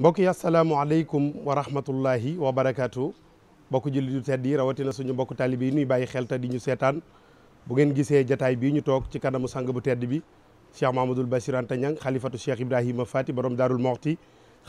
mbokk yi asalaamualeykum wa rahmatullahi wa barakaatu mbokk jullit yu tedd yi rawatina suñu mbokk taalibe yi nuy bàyyi xel te di ñu seetaan bu ngeen gisee jataay bii ñu toog ci kanamu sang bu tedd bi cheikh mahamadul basir anta ñang xalifatu cheikh ibrahima fati borom daarul moxti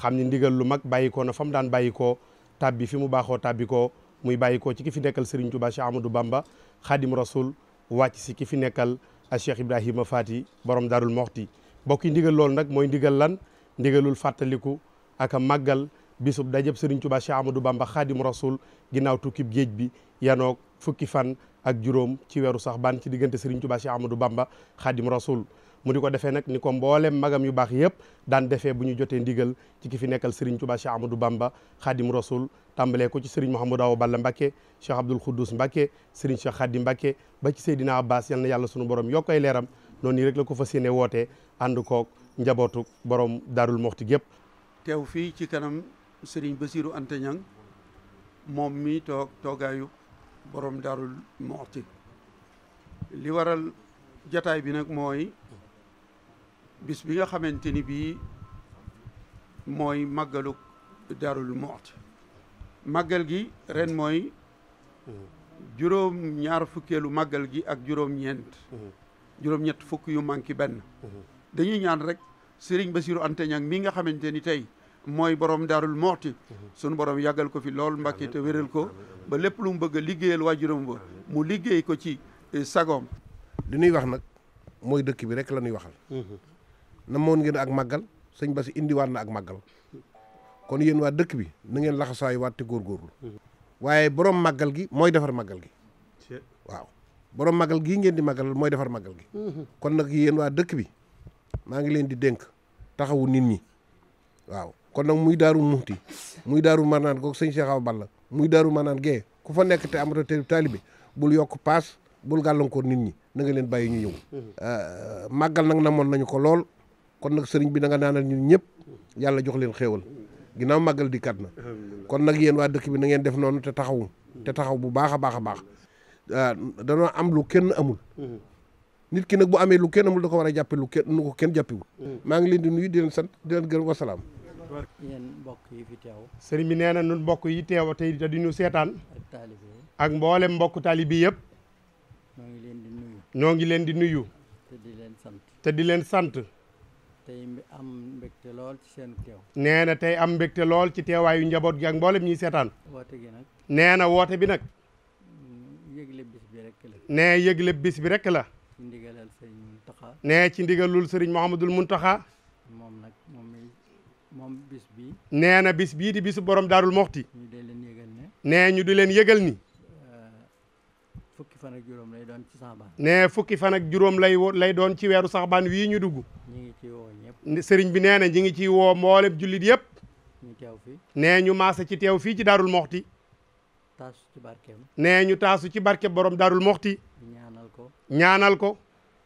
xam ni ndigal lu mag bàyyikoo na fa mu daan bàyyikoo tàbbi fi mu baaxoo tàbbikoo muy bàyyikoo ci ki fi nekkal Serigne Touba Cheikh Amadou Bamba xadim rasul wàcc si ki fi nekkal a cheikh ibrahima fati borom daarul moxti mbokk yi ndigal loolu nag mooy ndigal lan ndigalul fàttaliku ak a màggal bisub dajëb Serigne Touba Cheikh Amadou Bamba Khadim Rasoul ginnaaw tukkib géej bi yanoog fukki fan ak juróom ci weeru sax ban ci diggante Serigne Touba Cheikh Amadou Bamba Khadim Rasoul mu di ko defee nag ni ko mboolem magam yu baax yëpp daan defee bu ñu jotee ndigal ci ki fi nekkal Serigne Touba Cheikh Amadou Bamba Khadim Rasoul tàmbalee ko ci Serigne Mouhamadou Awa Balla Mbacké Cheikh Abdoul Khoudous Mbacké Serigne Cheikh Khadim Mbacké ba ci Seydina Abbas yal na yàlla sunu borom yokk ay leeram noonu ko fas yéene wootee ànd koog njabootu borom Darou teew fii ci kanam sëriñ ba Anta Niang moom mi toog toogaayu borom Darou Mouhty li waral jataay bi nag mooy bis bi nga xamante ni bii mooy màggaluk Darou Mouhty màggal gi ren mooy juróom ñaar fukkeelu màggal gi ak juróom ñeent mm-hmm. juróom ñett fukk yu manqué benn mm-hmm. dañuy ñaan rek Serigne ba siru Niang mii nga xamante ni tey mooy borom daarul moxti mhm. sunu borom yàggal ko fi lool Mbàkke te wéral ko ba lépp lu mu bëgg a liggéeyal waajuram ba mu liggéey ko ci eh, sagoom li ñuy wax nag mooy dëkk bi rek la ñuy waxal mhm. na moon ngeen ak màggal sëñ Basi indiwaat na ak màggal kon yéen waa dëkk bi na ngeen laxasaay waat te góorgóorlu mhm. waaye borom màggal gi mooy defar màggal gi waaw borom màggal gii ngeen di màggal mooy defar màggal gi kon nag yéen waa dëkk bi maa ngi leen di dénk taxawu nit ñi waaw kon nag muy daaru muxti muy daaru marnaan goog sëñ Cheikh Awa Balla muy daaru manaan gee ku fa nekk te amato te taalibe bul yokk paas bul gàllankoor nit ñi na nga leen bàyyi ñu ñëw euh, màggal nag namoon nañu ko lool kon nag sëriñ bi na nga naanal ñun ñëpp yàlla jox leen xéewal ginnaaw màggal di kat na kon nag yéen waa dëkk bi na ngeen def noonu te taxawu te taxaw bu baax a baax a baax euh, danoo am lu kenn amul nit ki nag bu amee lu kenn amul da ko war a jàppe lu kenn nu ko kenn jàppewul mm. maa ngi leen di nuyu di leen sant di leen gërëm wasalaam yéen mbokk yi teew sëriñ bi nee na nun mbokk yi teew tey te di ñu seetaan ak mboolem mbokk taalibi yëpp ñoo ngi leen di nuyu ñoo ngi leen di nuyu te di leen sant te di leen sant tey am mbégte lool ci seen teew nee na tey am mbégte lool ci teewaayu njaboot gi ak mboolem ñuy seetaan woote gi nee na woote bi nag mm, yëgle bis bi nee yëgle bis bi rek la ci ndigalal sëriñ Muntaxa. nee ci ndigalul sëriñ Mouhamadul Muntaxa. moom nag moom mi moom bis bii. nee na bis bii di bisu borom daarul moxti. ñu di leen yëgal nee ñu di leen yëgal ni. Euh, fukki fan ak juróom lay doon ci saxbaan. nee fukki fan ak juróom lay lay doon ci weeru saxbaan wii ñu dugg. ñu ngi ciy woo ñëpp. sëriñ bi nee na ñu ngi ciy woo mboolem jullit yëpp. ñu teew fii. nee ñu maase ci teew fii ci daarul moxti. taasu nee ñu taasu ci barke borom daarul moxti. ñaanal ko.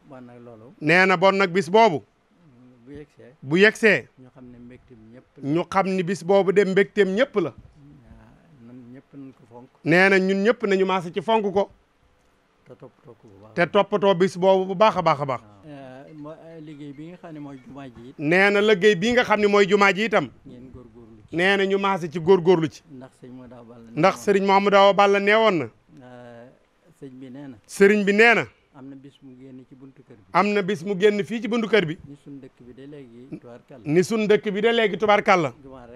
bon nag nee na bon nag bis boobu. Mm, bu yegsee bu yegsee. ñu xam ne mbégteem ñëpp la. xam ni bis boobu de mbégteem ñëpp la. nee na ñun ñëpp nañu maase ci fonk ko. te toppatoo ko bu baax toppatoo bis boobu bu baax a baax a baax. Eh, eh, liggéey bi nga xam ne mooy jumaa ji. nee na liggéey bii nga xam ne mooy jumaa ji itam. ngeen góorgóorlu ci nee na ñu maase ci góor góorgóorlu ci. ndax sëriñ moo Awa Balla. ndax sëriñ Mouhamadou Awa Balla neewoon na. Eh, sëriñ bi nee na. sëriñ bi nee na. am na bis mu génn ci buntu kër bi. am na bis mu génn fii ci buntu kër bi. ni suñ dëkk bi de léegi tubaarkàlla. ni suñ dëkk bi de léegi tubaarkàlla. jumaa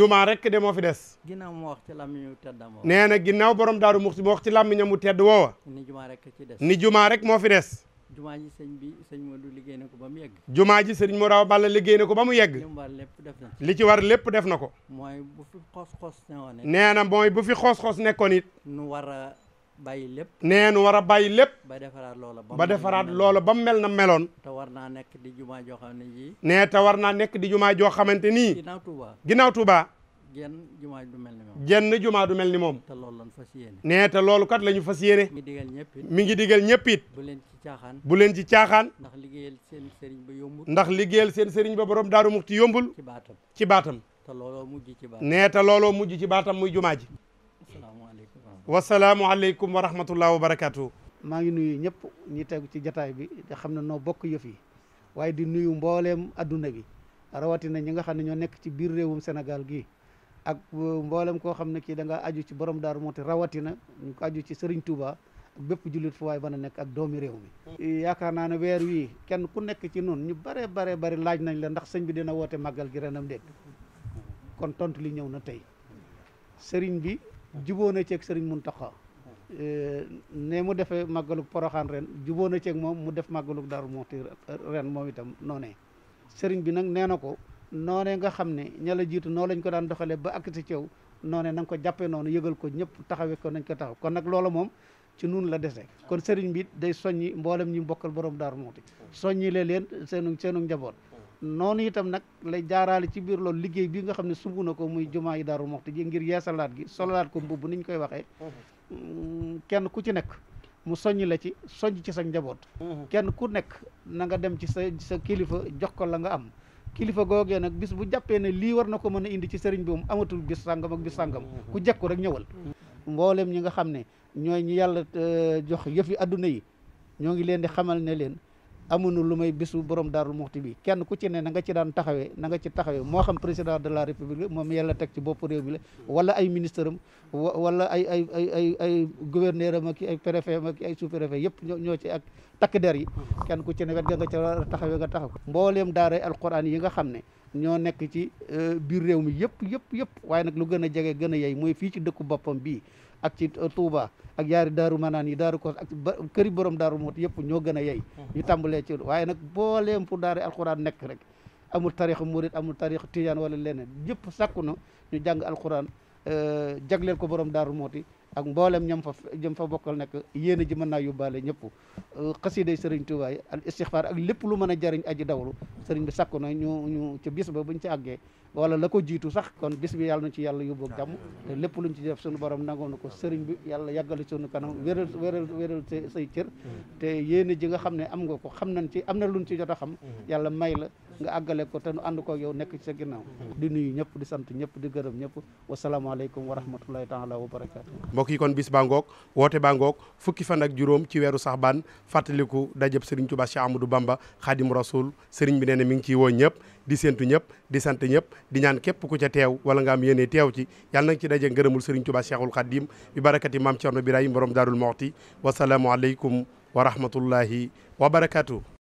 jumaa rek de moo fi des. ginnaaw mu wax ci làmmiñu tedd mu wax ci làmmiñam mu tedd woowa. ni jumaa rek moo fi des. jumaa ji sëñ bi sëñ Modou liggéey na ko ba mu yegg. ko ba mu yegg. li ci war lépp def na ko. li ci war lépp def na ko. mooy bu fi xoos-xoos nekkoon it. a bàyyi lépp nee nu war a bàyyi lépp ba defaraat loola ba defaraat loola ba mel na meloon te war naa nekk di jumaa joo xam ne ji nee te war naa nekk di jumaa joo xamante nii ginnaaw Touba ginnaaw Touba jenn jumaa du mel ni moom jenn jumaa du mel ni moom te loolu lañ fas yéene nee te loolu kat la ñu fas yéene mi ngi digal ñëpp mi ngi digal ñëpp it bu leen ci caaxaan bu leen ci caaxaan ndax liggéeyal seen sëriñ ba yombul ndax liggéeyal seen sëriñ ba borom daaru muxti yombul ci baatam ci baatam te looloo mujj ci baatam nee te looloo mujj ci baatam muy jumaa ji wasalaamualeykum wa rahmatullah wa barakaatu. maa ngi nuyu ñëpp ñi tegu ci jataay bi te xam ne noo bokk yëf yi waaye di nuyu mbooleem adduna bi rawatina ñi nga xam ne ñoo nekk ci biir réewum Sénégal gii ak mboolem koo xam ne kii da nga aju ci borom daaru moo rawatina ñu ko aju ci sëriñ Touba ak bépp jullit fu waay mën nekk ak doomi réew mi yaakaar naa ne weer wii kenn ku nekk ci noonu ñu bare bare bari laaj nañ la ndax sëñ bi dina woote màggal gi renam dégg kon tontu li ñëw na tey sëriñ bi juboo na ceeg sëriñ Muntaxa eh, ne mu defee màggalug poroxaan ren juboo na ceeg moom mu def màggalug Daaru Muxti ren moom itam noonee sëriñ bi nag nee na ko noonee nga xam ne ñala jiitu noo lañ ko daan doxalee ba ak si ceew noonee na ko jàppee noonu yëgal ko ñëpp taxawee ko nañ ko taxaw kon nag loola moom ci nun la dese kon sëriñ bi day soññi mboolem ñi bokkal borom Daaru Muxti soññi leen seenu seenu njaboot noonu itam nag lay jaaraale ci biir loolu liggéey bi nga xam ne sumb na ko muy jumaa yi daaru moxti ji ngir yeesalaat gi sololaat ko mbubb ñu koy waxee mm, kenn ku ci nekk mu soññ la ci soññ ci sa njaboot mm-hmm. kenn ku nekk na nga dem ci sa sa kilifa jox ko la nga am kilifa googee nag bis bu jàppee ne lii war na ko mën a indi ci sëriñ bi mu amatul bis sàngam ak bis sàngam mm-hmm. ku jekku rek ñëwal mm-hmm. mboolem ñi nga xam ne ñooy ñi yàlla euh, jox yëfi adduna yi ñoo ngi leen di xamal ne leen amuñu lu may bisu borom daarul muxti bi kenn ku ci ne na nga ci daan taxawee na nga ci taxawee moo xam président de la république moom yalla teg ci bopp réew bi la wala ay ministre am wala ay ay ay ay ay gouverneur am ak ay préfet am ak ay sous préfet yëpp ñoo ci ak takk der yi kenn ku ci ne wet nga nga ci taxawee nga taxaw mbooleem daaray alquran yi nga xam ne ñoo nekk ci euh, biir réew mi yëpp yëpp yëpp waaye nag lu gën a jege gën a yey mooy fii ci dëkku boppam bii ak ci euh, Touba ak yaari daaru manaan yi daaru kos ak këri borom daaru mot yëpp ñoo gën a yey ñu tàmbalee ci waaye nag booleem fu daara alxuraan nekk rek amul tarix murit amul tarix tijaan wala leneen yëpp sàkku na ñu jàng alxuraan euh, jagleel ko borom daaru mooti ak mboolem ñam fa jëm fa bokkal nekk yéen a ji mën naa yóbbaale ñëpp euh, xasiday sëriñ Tuubaa yi al istixfaar ak lépp lu mën a jariñ aji dawlu sëriñ bi sakku na ñu ñu ca bis ba buñ ci àggee wala la ko jiitu sax kon bis bi yàlla na ci yàlla yóbbu ak lépp luñ ci def suñu borom nangoo na ko sëriñ bi yàlla yàggali suñu kanam wéral wéral wéral say cër mm. te yéen ji nga xam ne am nga ko xam nañ ci am na luñ ci jot a xam mm. yàlla may la nga àggale ko te nu ànd ko yow nekk ci sa ginnaaw di nuyu ñëpp di sant ñëpp di gërëm ñëpp wasalaamaaleykum wa rahmatullahi taala wa barakaatu mbokk yi kon bis baa ngoog woote baa ngoog fukki fan ak juróom ci weeru saxbaan fàttaliku dajëb Serigne Touba Cheikh Amadou Bamba Khadim Rasoul Serigne bi nee na mi ngi ciy woo ñëpp di séentu ñëpp di sant ñëpp di ñaan képp ku ca teew wala nga am yéene teew ci yàlla nanga ci daje ngërëmul Serigne Touba Cheikhul Khadim bi barakati maam Cerno Birahim borom Daarul Muxti wasalaamualeykum wa rahmatullahi wa barakaatu